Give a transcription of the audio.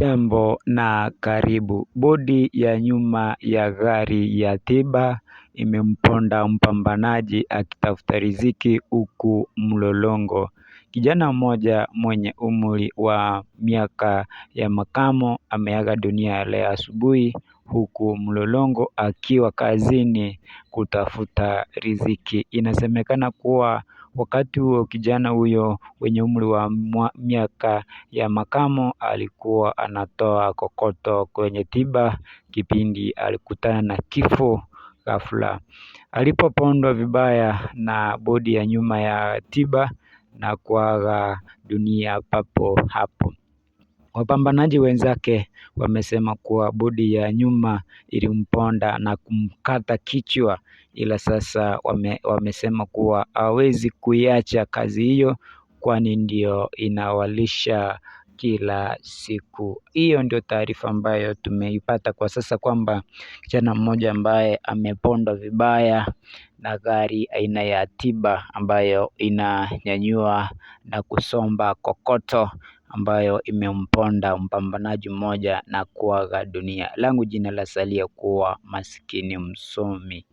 Hujambo na karibu. Bodi ya nyuma ya gari ya tiba imemponda mpambanaji akitafuta riziki huku mlolongo. Kijana mmoja mwenye umri wa miaka ya makamo ameaga dunia leo asubuhi huku mlolongo akiwa kazini kutafuta riziki. Inasemekana kuwa wakati huo kijana huyo mwenye umri wa miaka ya makamo alikuwa anatoa kokoto kwenye tiba kipindi alikutana na kifo ghafla. Alipopondwa vibaya na bodi ya nyuma ya tiba na kuaga dunia papo hapo. Wapambanaji wenzake wamesema kuwa bodi ya nyuma ilimponda na kumkata kichwa ila sasa wame, wamesema kuwa hawezi kuiacha kazi hiyo kwani ndio inawalisha kila siku. Hiyo ndio taarifa ambayo tumeipata kwa sasa kwamba kijana mmoja ambaye amepondwa vibaya na gari aina ya tiba ambayo inanyanyua na kusomba kokoto ambayo imemponda mpambanaji mmoja na kuaga dunia. Langu jina lasalia kuwa maskini msomi.